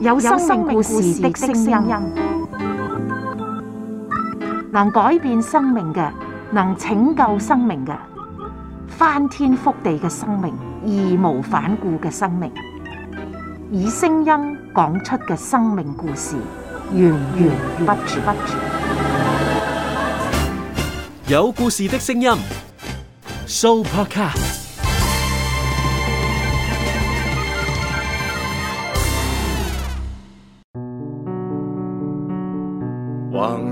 有生命故事的聲音，能改變生命嘅，能拯救生命嘅，翻天覆地嘅生命，義無反顧嘅生命，以聲音講出嘅生命故事，源源不絕。有故事的聲音，Soupercast。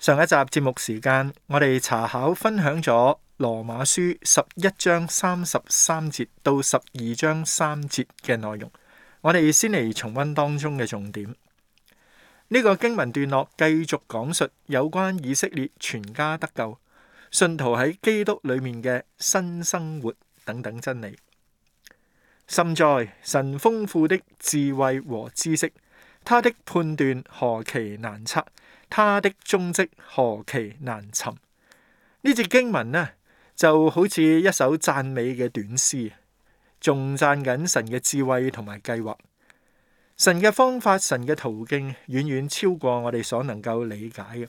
上一集節目時間，我哋查考分享咗《羅馬書》十一章三十三節到十二章三節嘅內容。我哋先嚟重溫當中嘅重點。呢、這個經文段落繼續講述有關以色列全家得救、信徒喺基督裏面嘅新生活等等真理。深哉神豐富的智慧和知識，他的判斷何其難測。他的蹤跡何其難尋。呢節經文呢，啊，就好似一首讚美嘅短詩，仲讚緊神嘅智慧同埋計劃。神嘅方法、神嘅途徑，遠遠超過我哋所能夠理解嘅。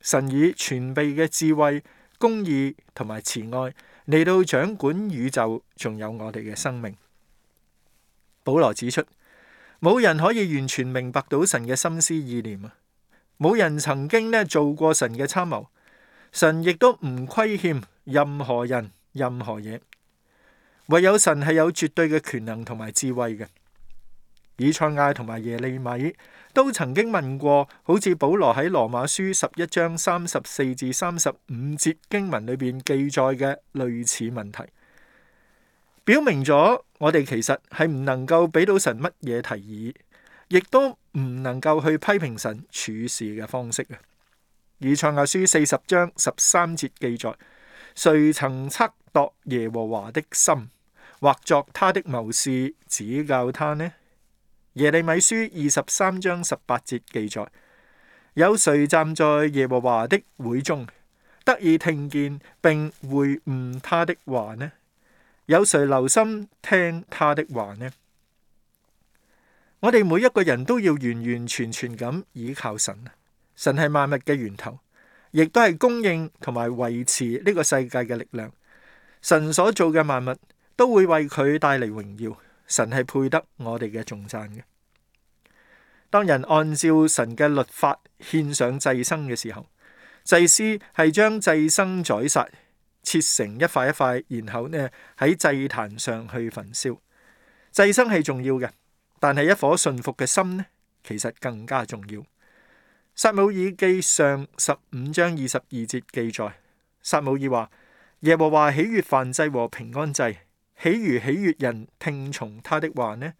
神以全備嘅智慧、公義同埋慈愛嚟到掌管宇宙，仲有我哋嘅生命。保羅指出，冇人可以完全明白到神嘅心思意念啊！冇人曾經咧做過神嘅參謀，神亦都唔虧欠任何人、任何嘢。唯有神係有絕對嘅權能同埋智慧嘅。以賽亞同埋耶利米都曾經問過，好似保羅喺羅馬書十一章三十四至三十五節經文裏邊記載嘅類似問題，表明咗我哋其實係唔能夠俾到神乜嘢提議。亦都唔能夠去批評神處事嘅方式啊。以賽亞書四十章十三節記載：誰曾測度耶和華的心，或作他的謀士，指教他呢？耶利米書二十三章十八節記載：有誰站在耶和華的會中，得以聽見並會悟他的話呢？有誰留心聽他的話呢？我哋每一個人都要完完全全咁倚靠神，神係萬物嘅源頭，亦都係供應同埋維持呢個世界嘅力量。神所做嘅萬物都會為佢帶嚟榮耀，神係配得我哋嘅頌讚嘅。當人按照神嘅律法獻上祭牲嘅時候，祭司係將祭牲宰殺切成一塊一塊，然後呢喺祭壇上去焚燒。祭牲係重要嘅。但係一顆信服嘅心呢，其實更加重要。撒母耳記上十五章二十二節記載，撒母耳話：耶和華喜悅燔祭和平安祭，豈如喜悅人聽從他的話呢。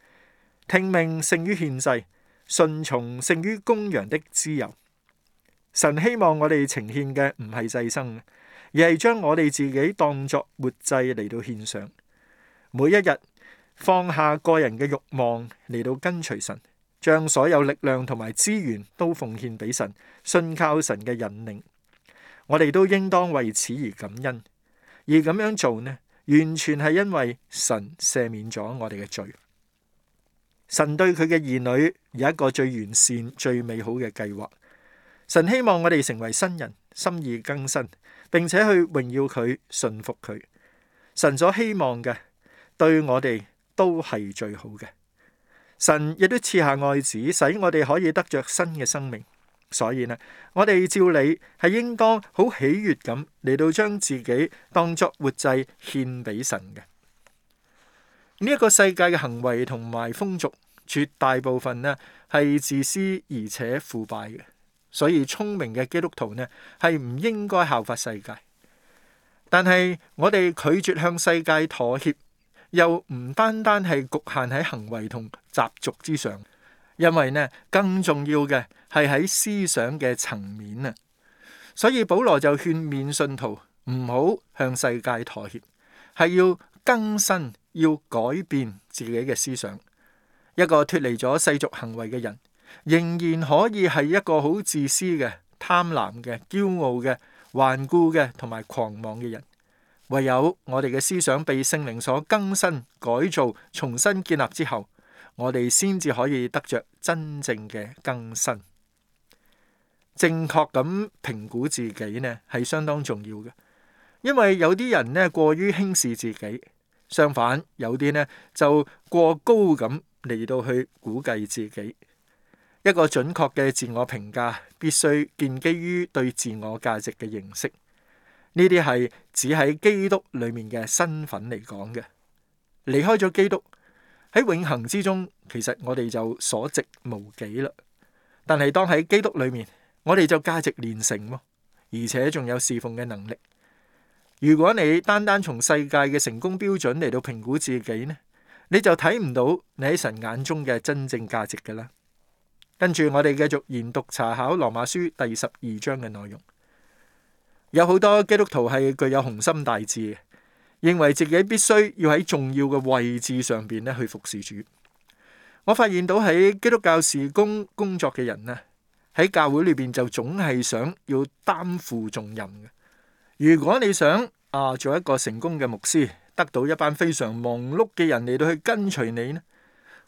聽命勝於獻祭，順從勝於公羊的脂油。神希望我哋呈獻嘅唔係祭牲，而係將我哋自己當作活祭嚟到獻上，每一日。放下個人嘅慾望，嚟到跟隨神，將所有力量同埋資源都奉獻俾神，信靠神嘅引領，我哋都應當為此而感恩。而咁樣做呢，完全係因為神赦免咗我哋嘅罪。神對佢嘅兒女有一個最完善、最美好嘅計劃。神希望我哋成為新人，心意更新，並且去榮耀佢、信服佢。神所希望嘅對我哋，都係最好嘅，神亦都賜下愛子，使我哋可以得着新嘅生命。所以呢，我哋照理係應當好喜悦咁嚟到將自己當作活祭獻俾神嘅。呢一個世界嘅行為同埋風俗，絕大部分呢係自私而且腐敗嘅。所以聰明嘅基督徒呢係唔應該效法世界，但係我哋拒絕向世界妥協。又唔單單係局限喺行為同習俗之上，因為呢更重要嘅係喺思想嘅層面啊！所以保羅就勸勉信徒唔好向世界妥協，係要更新、要改變自己嘅思想。一個脫離咗世俗行為嘅人，仍然可以係一個好自私嘅、貪婪嘅、驕傲嘅、頑固嘅同埋狂妄嘅人。唯有我哋嘅思想被聖靈所更新、改造、重新建立之後，我哋先至可以得着真正嘅更新。正確咁評估自己呢，係相當重要嘅，因為有啲人呢過於輕視自己，相反有啲呢就過高咁嚟到去估計自己。一個準確嘅自我評價，必須建基於對自我價值嘅認識。呢啲係只喺基督裏面嘅身份嚟講嘅，離開咗基督，喺永恆之中，其實我哋就所值無幾啦。但係當喺基督裏面，我哋就價值連城咯，而且仲有侍奉嘅能力。如果你單單從世界嘅成功標準嚟到評估自己呢，你就睇唔到你喺神眼中嘅真正價值㗎喇。跟住我哋繼續研讀查考羅馬書第十二章嘅內容。有好多基督徒係具有雄心大志，認為自己必須要喺重要嘅位置上邊咧去服侍主。我發現到喺基督教事工工作嘅人咧，喺教會裏邊就總係想要擔負重任嘅。如果你想啊做一個成功嘅牧師，得到一班非常忙碌嘅人嚟到去跟隨你咧，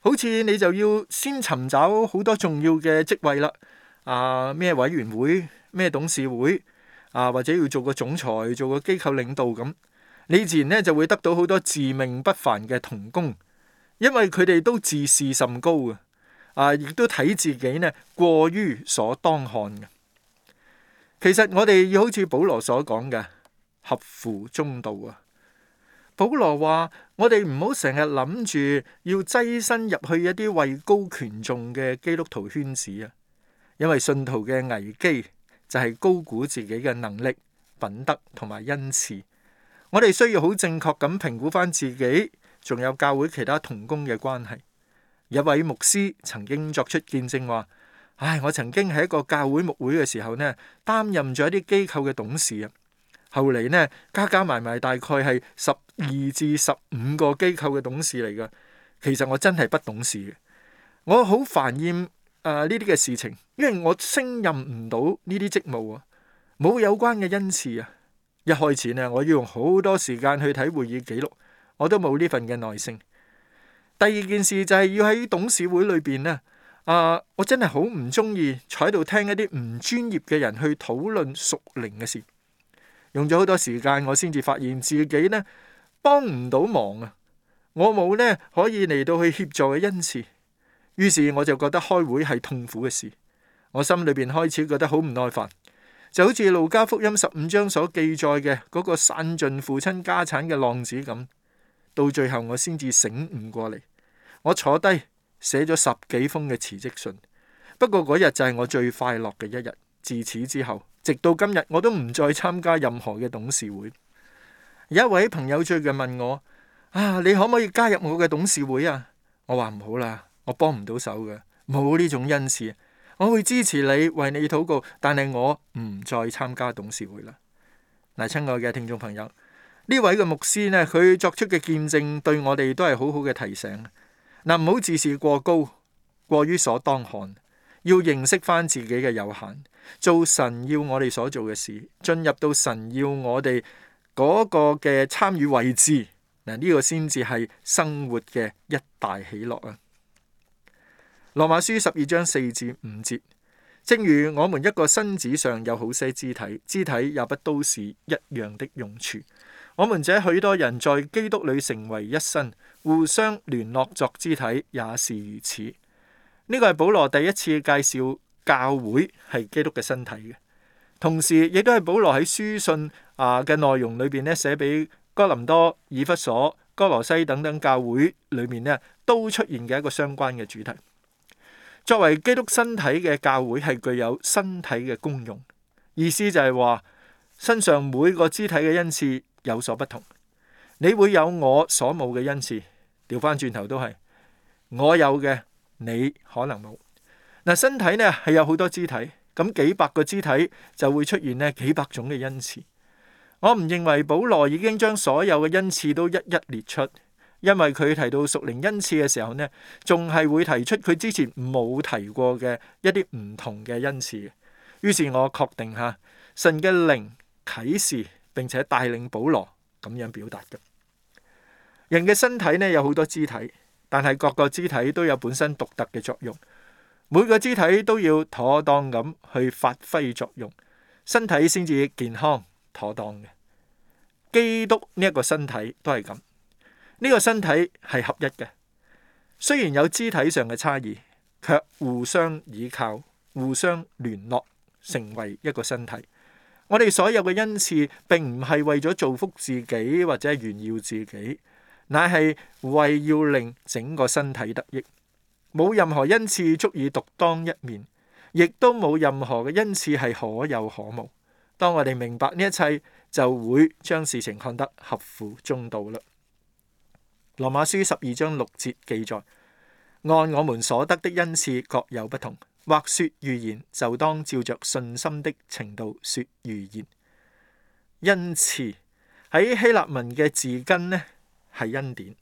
好似你就要先尋找好多重要嘅職位啦。啊，咩委員會、咩董事會？啊，或者要做個總裁、做個機構領導咁，你自然咧就會得到好多自命不凡嘅同工，因為佢哋都自視甚高啊！啊，亦都睇自己呢過於所當看嘅。其實我哋要好似保羅所講嘅，合乎中道啊。保羅話：我哋唔好成日諗住要躋身入去一啲位高權重嘅基督徒圈子啊，因為信徒嘅危機。就係高估自己嘅能力、品德同埋恩慈。我哋需要好正確咁評估返自己，仲有教會其他同工嘅關係。一位牧師曾經作出見證話，唉，我曾經喺一個教會牧會嘅時候呢，擔任咗一啲機構嘅董事啊。後嚟呢，加加埋埋大概係十二至十五個機構嘅董事嚟㗎。其實我真係不懂事嘅，我好煩厭啊呢啲嘅事情。因為我升任唔到呢啲職務啊，冇有，有關嘅恩賜啊。一開始呢，我要用好多時間去睇會議記錄，我都冇呢份嘅耐性。第二件事就係、是、要喺董事會裏邊呢。啊，我真係好唔中意坐喺度聽一啲唔專業嘅人去討論屬靈嘅事。用咗好多時間，我先至發現自己呢，幫唔到忙啊。我冇呢可以嚟到去協助嘅恩賜，於是我就覺得開會係痛苦嘅事。我心裏邊開始覺得好唔耐煩，就好似路加福音十五章所記載嘅嗰個散盡父親家產嘅浪子咁，到最後我先至醒悟過嚟。我坐低寫咗十幾封嘅辭職信，不過嗰日就係我最快樂嘅一日。自此之後，直到今日，我都唔再參加任何嘅董事會。有一位朋友最近問我：啊，你可唔可以加入我嘅董事會啊？我話唔好啦，我幫唔到手嘅，冇呢種恩賜。我會支持你，為你禱告，但係我唔再參加董事會啦。嗱，親愛嘅聽眾朋友，呢位嘅牧師呢，佢作出嘅見證對我哋都係好好嘅提醒。嗱，唔好自視過高，過於所當看，要認識翻自己嘅有限。做神要我哋所做嘅事，進入到神要我哋嗰個嘅參與位置，嗱、這、呢個先至係生活嘅一大喜樂啊！羅馬書十二章四至五節，正如我們一個身子上有好些肢體，肢體也不都是一樣的用處。我們這許多人在基督裏成為一身，互相聯絡作肢體，也是如此。呢個係保羅第一次介紹教會係基督嘅身體嘅，同時亦都係保羅喺書信啊嘅內容裏邊咧，寫俾哥林多、以弗所、哥羅西等等教會裏面咧，都出現嘅一個相關嘅主題。作為基督身體嘅教會係具有身體嘅功用，意思就係話身上每個肢體嘅恩賜有所不同，你會有我所冇嘅恩賜，調翻轉頭都係我有嘅，你可能冇。嗱，身體呢係有好多肢體，咁幾百個肢體就會出現呢幾百種嘅恩賜。我唔認為保羅已經將所有嘅恩賜都一一列出。因為佢提到屬靈恩賜嘅時候呢，仲係會提出佢之前冇提過嘅一啲唔同嘅恩賜。於是我確定下，神嘅靈啟示，並且帶領保羅咁樣表達嘅。人嘅身體呢，有好多肢體，但係各個肢體都有本身獨特嘅作用。每個肢體都要妥當咁去發揮作用，身體先至健康妥當嘅。基督呢一個身體都係咁。呢個身體係合一嘅，雖然有肢體上嘅差異，卻互相倚靠、互相聯絡，成為一個身體。我哋所有嘅恩賜，並唔係為咗造福自己或者炫耀自己，乃係為要令整個身體得益。冇任何恩賜足以獨當一面，亦都冇任何嘅恩賜係可有可無。當我哋明白呢一切，就會將事情看得合乎中道啦。羅馬書十二章六節記載：按我們所得的恩賜各有不同，或說預言，就當照着信心的程度說預言。恩賜喺希臘文嘅字根呢，係恩典，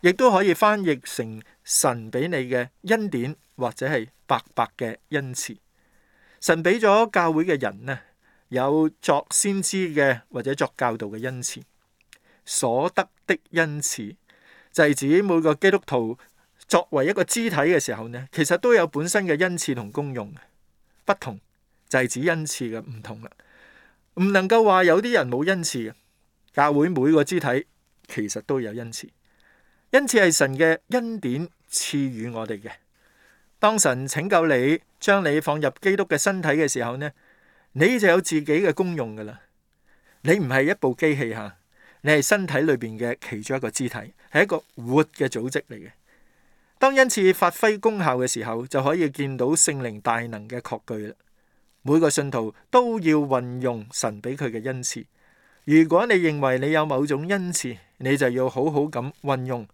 亦都可以翻譯成神俾你嘅恩典，或者係白白嘅恩賜。神俾咗教會嘅人呢，有作先知嘅或者作教導嘅恩賜，所得的恩賜。就係指每個基督徒作為一個肢體嘅時候呢，其實都有本身嘅恩賜同功用，不同就係指恩賜嘅唔同啦。唔能夠話有啲人冇恩賜。教會每個肢體其實都有恩賜。恩賜係神嘅恩典賜予我哋嘅。當神拯救你，將你放入基督嘅身體嘅時候呢，你就有自己嘅功用㗎喇。你唔係一部機器嚇。你係身體裏邊嘅其中一個肢體，係一個活嘅組織嚟嘅。當恩賜發揮功效嘅時候，就可以見到聖靈大能嘅確據啦。每個信徒都要運用神俾佢嘅恩賜。如果你認為你有某種恩賜，你就要好好咁運用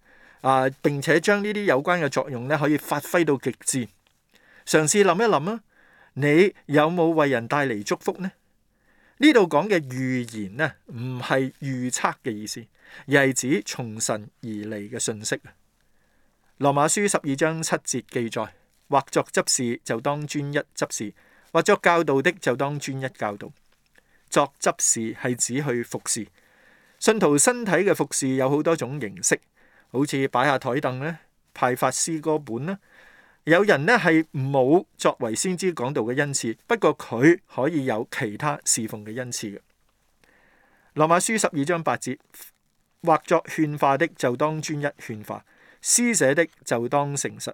啊！並且將呢啲有關嘅作用咧，可以發揮到極致。嘗試諗一諗啊，你有冇為人帶嚟祝福呢？呢度講嘅預言呢，唔係預測嘅意思，而係指從神而嚟嘅信息啊。羅馬書十二章七節記載：或作執事就當專一執事，或作教導的就當專一教導。作執事係指去服侍。信徒身體嘅服侍有好多種形式，好似擺下台凳咧，派發詩歌本啦。有人呢，係冇作為先知講道嘅恩賜，不過佢可以有其他侍奉嘅恩賜嘅。羅馬書十二章八節，或作勸化的就當專一勸化，施捨的就當誠實，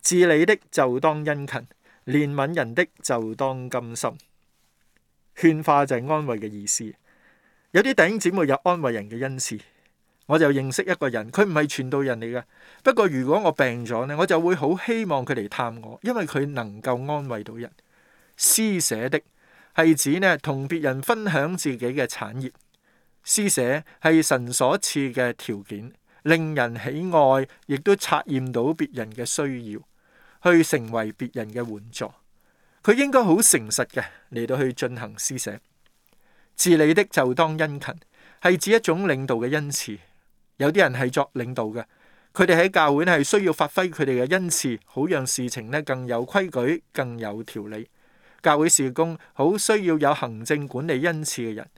治理的就當殷勤，憐憫人的就當甘心。勸化就係安慰嘅意思，有啲弟兄姊妹有安慰人嘅恩賜。我就認識一個人，佢唔係傳道人嚟嘅。不過如果我病咗呢，我就會好希望佢嚟探我，因為佢能夠安慰到人。施捨的係指呢，同別人分享自己嘅產業。施捨係神所賜嘅條件，令人喜愛，亦都察驗到別人嘅需要，去成為別人嘅援助。佢應該好誠實嘅嚟到去進行施捨。治理的就當殷勤，係指一種領導嘅恩賜。有啲人係作領導嘅，佢哋喺教會係需要發揮佢哋嘅恩賜，好讓事情咧更有規矩、更有條理。教會事工好需要有行政管理恩賜嘅人。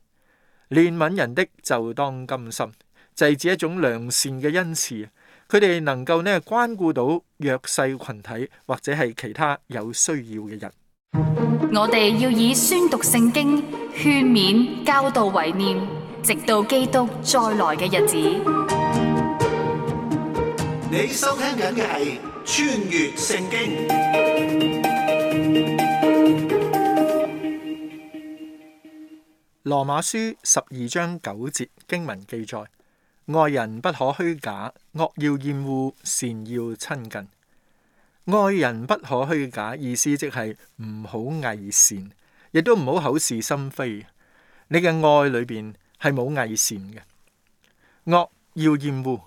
憐憫人的就當甘心，就係指一種良善嘅恩賜，佢哋能夠咧關顧到弱勢群體或者係其他有需要嘅人。我哋要以宣讀聖經、勸勉、教導為念，直到基督再來嘅日子。你收聽緊嘅係《穿越聖經》，羅馬書十二章九節經文記載：愛人不可虛假，惡要厭惡，善要親近。愛人不可虛假，意思即係唔好偽善，亦都唔好口是心非。你嘅愛裏邊係冇偽善嘅，惡要厭惡。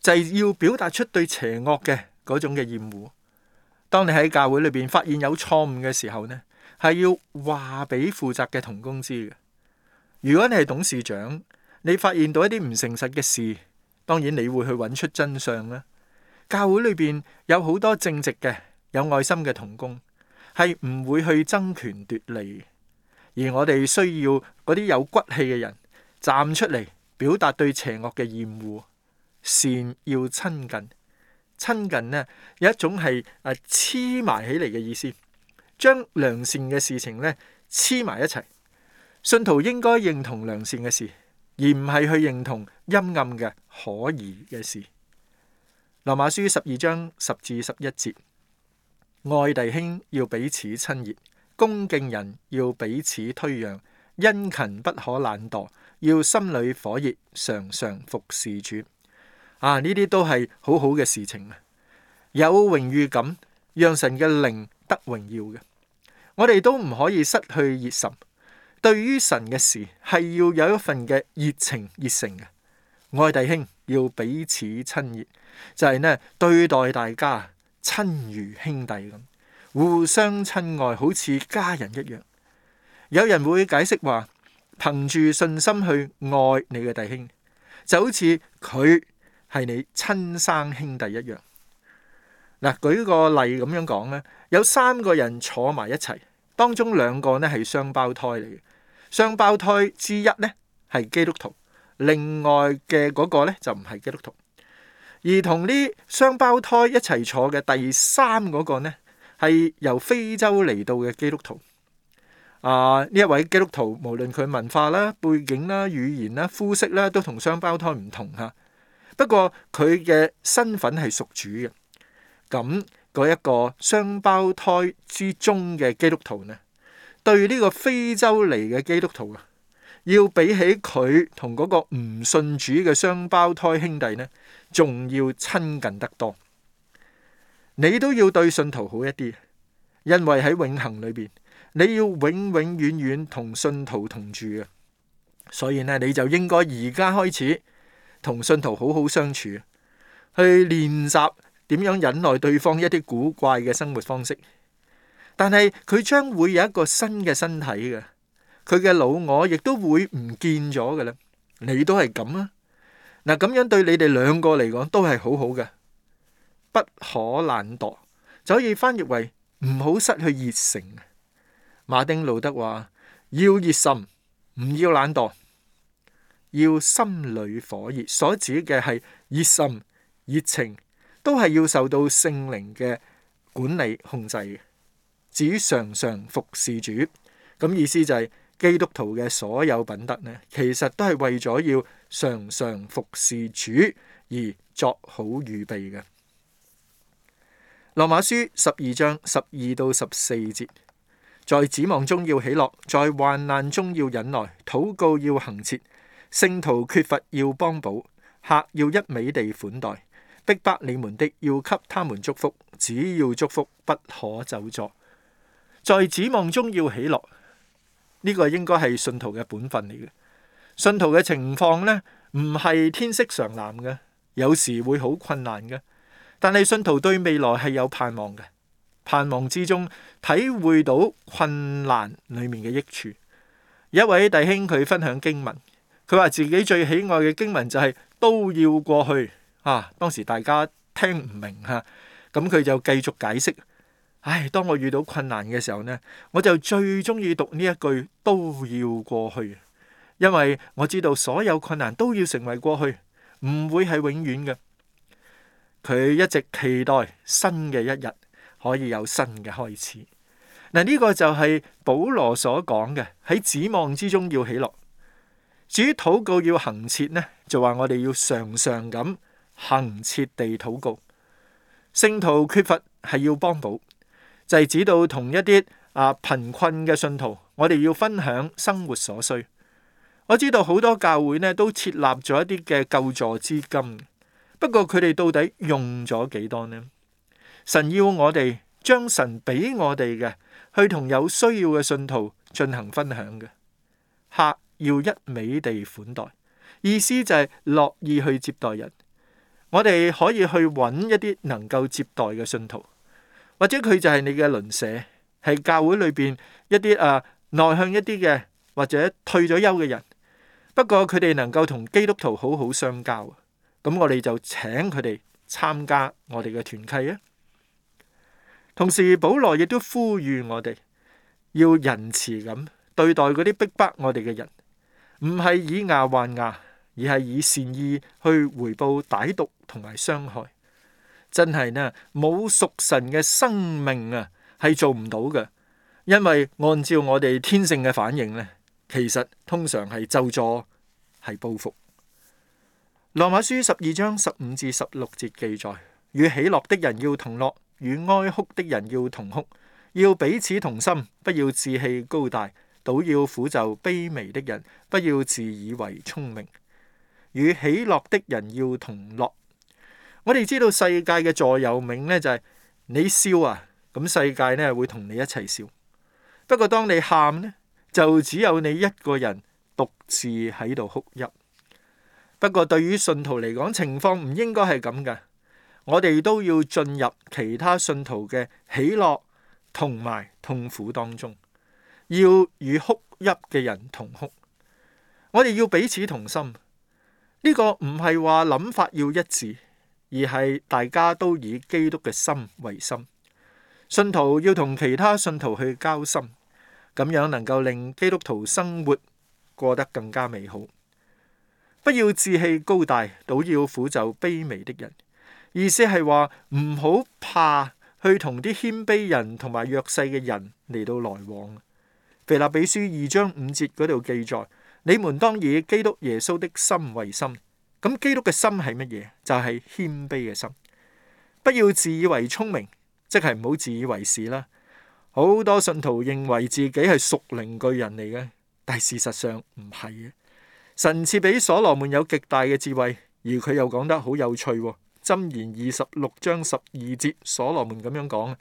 就係要表達出對邪惡嘅嗰種嘅厭惡。當你喺教會裏邊發現有錯誤嘅時候呢，係要話俾負責嘅同工知嘅。如果你係董事長，你發現到一啲唔誠實嘅事，當然你會去揾出真相啦。教會裏邊有好多正直嘅、有愛心嘅同工，係唔會去爭權奪利。而我哋需要嗰啲有骨氣嘅人站出嚟，表達對邪惡嘅厭惡。善要親近，親近呢有一種係啊，黐埋起嚟嘅意思，將良善嘅事情呢黐埋一齊。信徒應該認同良善嘅事，而唔係去認同陰暗嘅可疑嘅事。羅馬書十二章十至十一節，愛弟兄要彼此親熱，恭敬人要彼此推讓，殷勤不可懶惰，要心裏火熱，常常服侍主。啊！呢啲都係好好嘅事情啊，有榮譽感，讓神嘅靈得榮耀嘅。我哋都唔可以失去熱心。對於神嘅事係要有一份嘅熱情熱誠嘅。愛弟兄要彼此親熱，就係呢，對待大家親如兄弟咁，互相親愛，好似家人一樣。有人會解釋話，憑住信心去愛你嘅弟兄，就好似佢係你親生兄弟一樣嗱，舉個例咁樣講咧，有三個人坐埋一齊，當中兩個呢係雙胞胎嚟嘅。雙胞胎之一呢係基督徒，另外嘅嗰個呢就唔係基督徒。而同呢雙胞胎一齊坐嘅第三嗰個呢係由非洲嚟到嘅基督徒。啊，呢一位基督徒無論佢文化啦、背景啦、語言啦、膚色啦，都同雙胞胎唔同嚇。不過佢嘅身份係屬主嘅，咁嗰一個雙胞胎之中嘅基督徒呢，對呢個非洲嚟嘅基督徒啊，要比起佢同嗰個唔信主嘅雙胞胎兄弟呢，仲要親近得多。你都要對信徒好一啲，因為喺永恆裏邊，你要永永遠遠遠遠同信徒同住嘅，所以呢，你就應該而家開始。同信徒好好相處，去練習點樣忍耐對方一啲古怪嘅生活方式。但係佢將會有一個新嘅身體嘅，佢嘅老我亦都會唔見咗嘅啦。你都係咁啊！嗱，咁樣對你哋兩個嚟講都係好好嘅，不可懶惰，就可以翻譯為唔好失去熱誠。馬丁路德話：要熱心，唔要懶惰。要心裏火熱，所指嘅係熱心、熱情，都係要受到聖靈嘅管理控制嘅。至於常常服侍主，咁意思就係、是、基督徒嘅所有品德呢，其實都係為咗要常常服侍主而作好預備嘅。羅馬書十二章十二到十四節，在指望中要喜樂，在患難中要忍耐，禱告要恆切。聖徒缺乏要幫補，客要一味地款待，逼迫你們的要給他們祝福。只要祝福不可咒詛，在指望中要喜樂。呢個應該係信徒嘅本分嚟嘅。信徒嘅情況呢，唔係天色常藍嘅，有時會好困難嘅。但係信徒對未來係有盼望嘅，盼望之中體會到困難裏面嘅益處。一位弟兄佢分享經文。佢話自己最喜愛嘅經文就係都要過去。啊，當時大家聽唔明嚇，咁佢就繼續解釋。唉，當我遇到困難嘅時候呢，我就最中意讀呢一句都要過去，因為我知道所有困難都要成為過去，唔會係永遠嘅。佢一直期待新嘅一日可以有新嘅開始。嗱，呢個就係保羅所講嘅喺指望之中要喜樂。至於禱告要恆切呢，就話我哋要常常咁恆切地禱告。聖徒缺乏係要幫補，就係指到同一啲啊貧困嘅信徒，我哋要分享生活所需。我知道好多教會呢都設立咗一啲嘅救助資金，不過佢哋到底用咗幾多呢？神要我哋將神俾我哋嘅去同有需要嘅信徒進行分享嘅下。要一味地款待，意思就係樂意去接待人。我哋可以去揾一啲能夠接待嘅信徒，或者佢就係你嘅鄰舍，係教會裏邊一啲誒內向一啲嘅，或者退咗休嘅人。不過佢哋能夠同基督徒好好相交，咁我哋就請佢哋參加我哋嘅團契啊。同時，保羅亦都呼籲我哋要仁慈咁對待嗰啲逼迫我哋嘅人。唔係以牙還牙，而係以善意去回報歹毒同埋傷害。真係呢，冇屬神嘅生命啊，係做唔到嘅。因為按照我哋天性嘅反應呢，其實通常係咒詛係報復。羅馬書十二章十五至十六節記載：與喜樂的人要同樂，與哀哭的人要同哭，要彼此同心，不要志氣高大。倒要苦就卑微的人，不要自以為聰明；與喜樂的人要同樂。我哋知道世界嘅座右銘呢，就是，就係你笑啊，咁世界呢會同你一齊笑。不過當你喊呢，就只有你一個人獨自喺度哭泣。不過對於信徒嚟講，情況唔應該係咁噶。我哋都要進入其他信徒嘅喜樂同埋痛苦當中。要與哭泣嘅人同哭，我哋要彼此同心。呢個唔係話諗法要一致，而係大家都以基督嘅心為心。信徒要同其他信徒去交心，咁樣能夠令基督徒生活過得更加美好。不要志氣高大，倒要俯就卑微的人。意思係話唔好怕去同啲謙卑人同埋弱勢嘅人嚟到來往。腓立比書二章五節嗰度記載：你們當以基督耶穌的心為心。咁基督嘅心係乜嘢？就係、是、謙卑嘅心。不要自以為聰明，即係唔好自以為是啦。好多信徒認為自己係屬靈巨人嚟嘅，但係事實上唔係嘅。神賜俾所羅門有極大嘅智慧，而佢又講得好有趣。箴言二十六章十二節，所羅門咁樣講：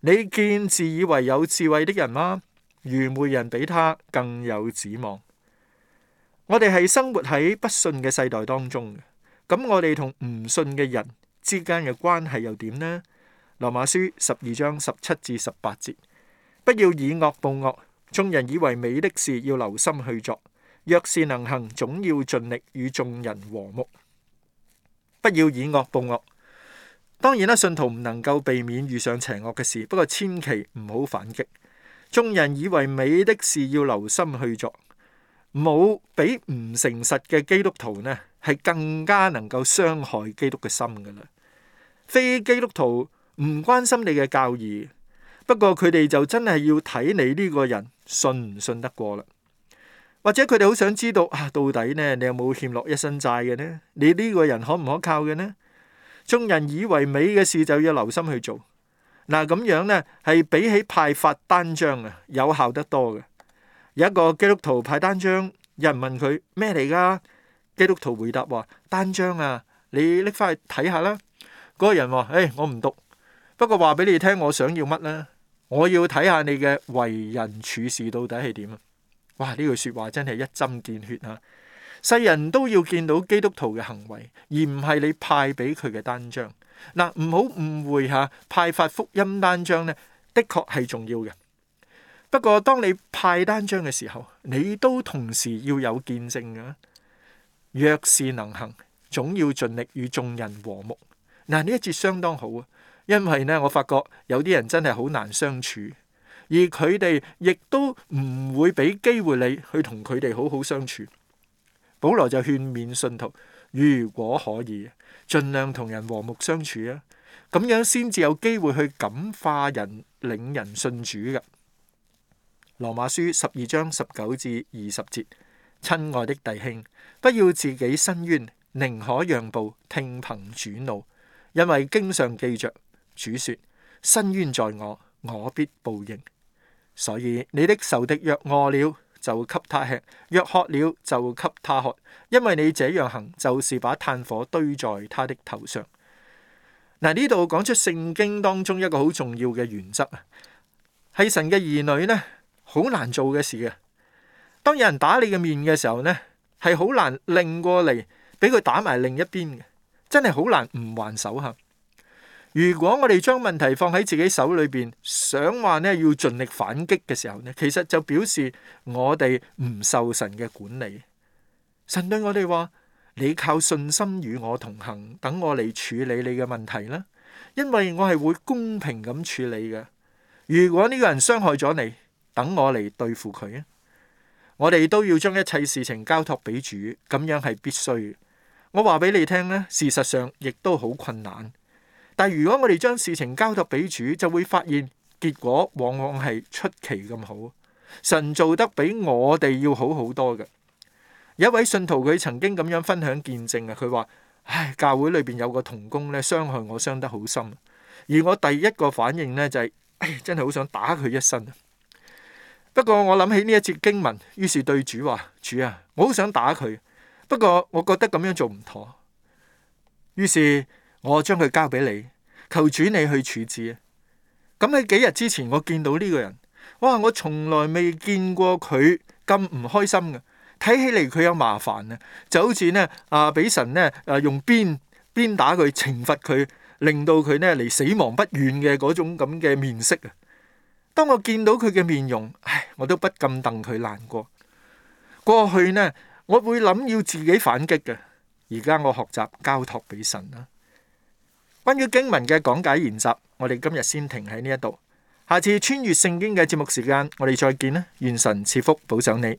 你見自以為有智慧的人嗎？愚昧人比他更有指望。我哋係生活喺不信嘅世代當中，咁我哋同唔信嘅人之間嘅關係又點呢？羅馬書十二章十七至十八節：不要以惡報惡，眾人以為美的事，要留心去做；若是能行，總要盡力與眾人和睦。不要以惡報惡。當然啦，信徒唔能夠避免遇上邪惡嘅事，不過千祈唔好反擊。眾人以為美的事，要留心去做，冇比唔誠實嘅基督徒呢，係更加能夠傷害基督嘅心噶啦。非基督徒唔關心你嘅教義，不過佢哋就真係要睇你呢個人信唔信得過啦，或者佢哋好想知道啊，到底呢你有冇欠落一身債嘅呢？你呢個人可唔可靠嘅呢？眾人以為美嘅事就要留心去做。嗱，咁樣呢係比起派發單張啊，有效得多嘅。有一個基督徒派單張，有人問佢咩嚟㗎？基督徒回答話：單張啊，你拎翻去睇下啦。嗰、那個人話：誒、哎，我唔讀。不過話俾你聽，我想要乜咧？我要睇下你嘅為人處事到底係點啊！哇！呢句説話真係一針見血啊！世人都要見到基督徒嘅行為，而唔係你派俾佢嘅單張。嗱，唔好誤會吓，派發福音單張呢，的確係重要嘅。不過，當你派單張嘅時候，你都同時要有見證㗎。若是能行，總要盡力與眾人和睦。嗱、呃，呢一節相當好啊，因為呢，我發覺有啲人真係好難相處，而佢哋亦都唔會俾機會你去同佢哋好好相處。保羅就勸勉信徒，如果可以，盡量同人和睦相處啊，咁樣先至有機會去感化人、領人信主嘅。羅馬書十二章十九至二十節，親愛的弟兄，不要自己申冤，寧可讓步，聽憑主怒，因為經常記着：「主説：申冤在我，我必報應。所以你的仇敵若餓了，就給他吃，若渴了就給他喝，因為你這樣行，就是把炭火堆在他的頭上。嗱，呢度講出聖經當中一個好重要嘅原則啊，係神嘅兒女呢，好難做嘅事嘅。當有人打你嘅面嘅時候呢，係好難擰過嚟俾佢打埋另一邊嘅，真係好難唔還手吓。如果我哋將問題放喺自己手裏邊，想話咧要盡力反擊嘅時候咧，其實就表示我哋唔受神嘅管理。神對我哋話：你靠信心與我同行，等我嚟處理你嘅問題啦。因為我係會公平咁處理嘅。如果呢個人傷害咗你，等我嚟對付佢啊！我哋都要將一切事情交託俾主，咁樣係必須。我話俾你聽咧，事實上亦都好困難。但係如果我哋將事情交託俾主，就會發現結果往往係出奇咁好。神做得比我哋要好好多嘅。有一位信徒佢曾經咁樣分享見證啊，佢話：唉，教會裏邊有個童工咧傷害我傷得好深，而我第一個反應咧就係、是，唉，真係好想打佢一身。不過我諗起呢一節經文，於是對主話：主啊，我好想打佢，不過我覺得咁樣做唔妥。於是。我將佢交俾你，求主你去處置啊！咁喺幾日之前，我見到呢個人，哇！我從來未見過佢咁唔開心嘅，睇起嚟佢有麻煩啊，就好似呢啊俾神呢誒、啊、用鞭鞭打佢，懲罰佢，令到佢呢離死亡不遠嘅嗰種咁嘅面色啊！當我見到佢嘅面容，唉，我都不禁瞪佢難過。過去呢，我會諗要自己反擊嘅，而家我學習交託俾神啦。關於經文嘅講解研習，我哋今日先停喺呢一度。下次穿越聖經嘅節目時間，我哋再見啦！願神賜福保賞你。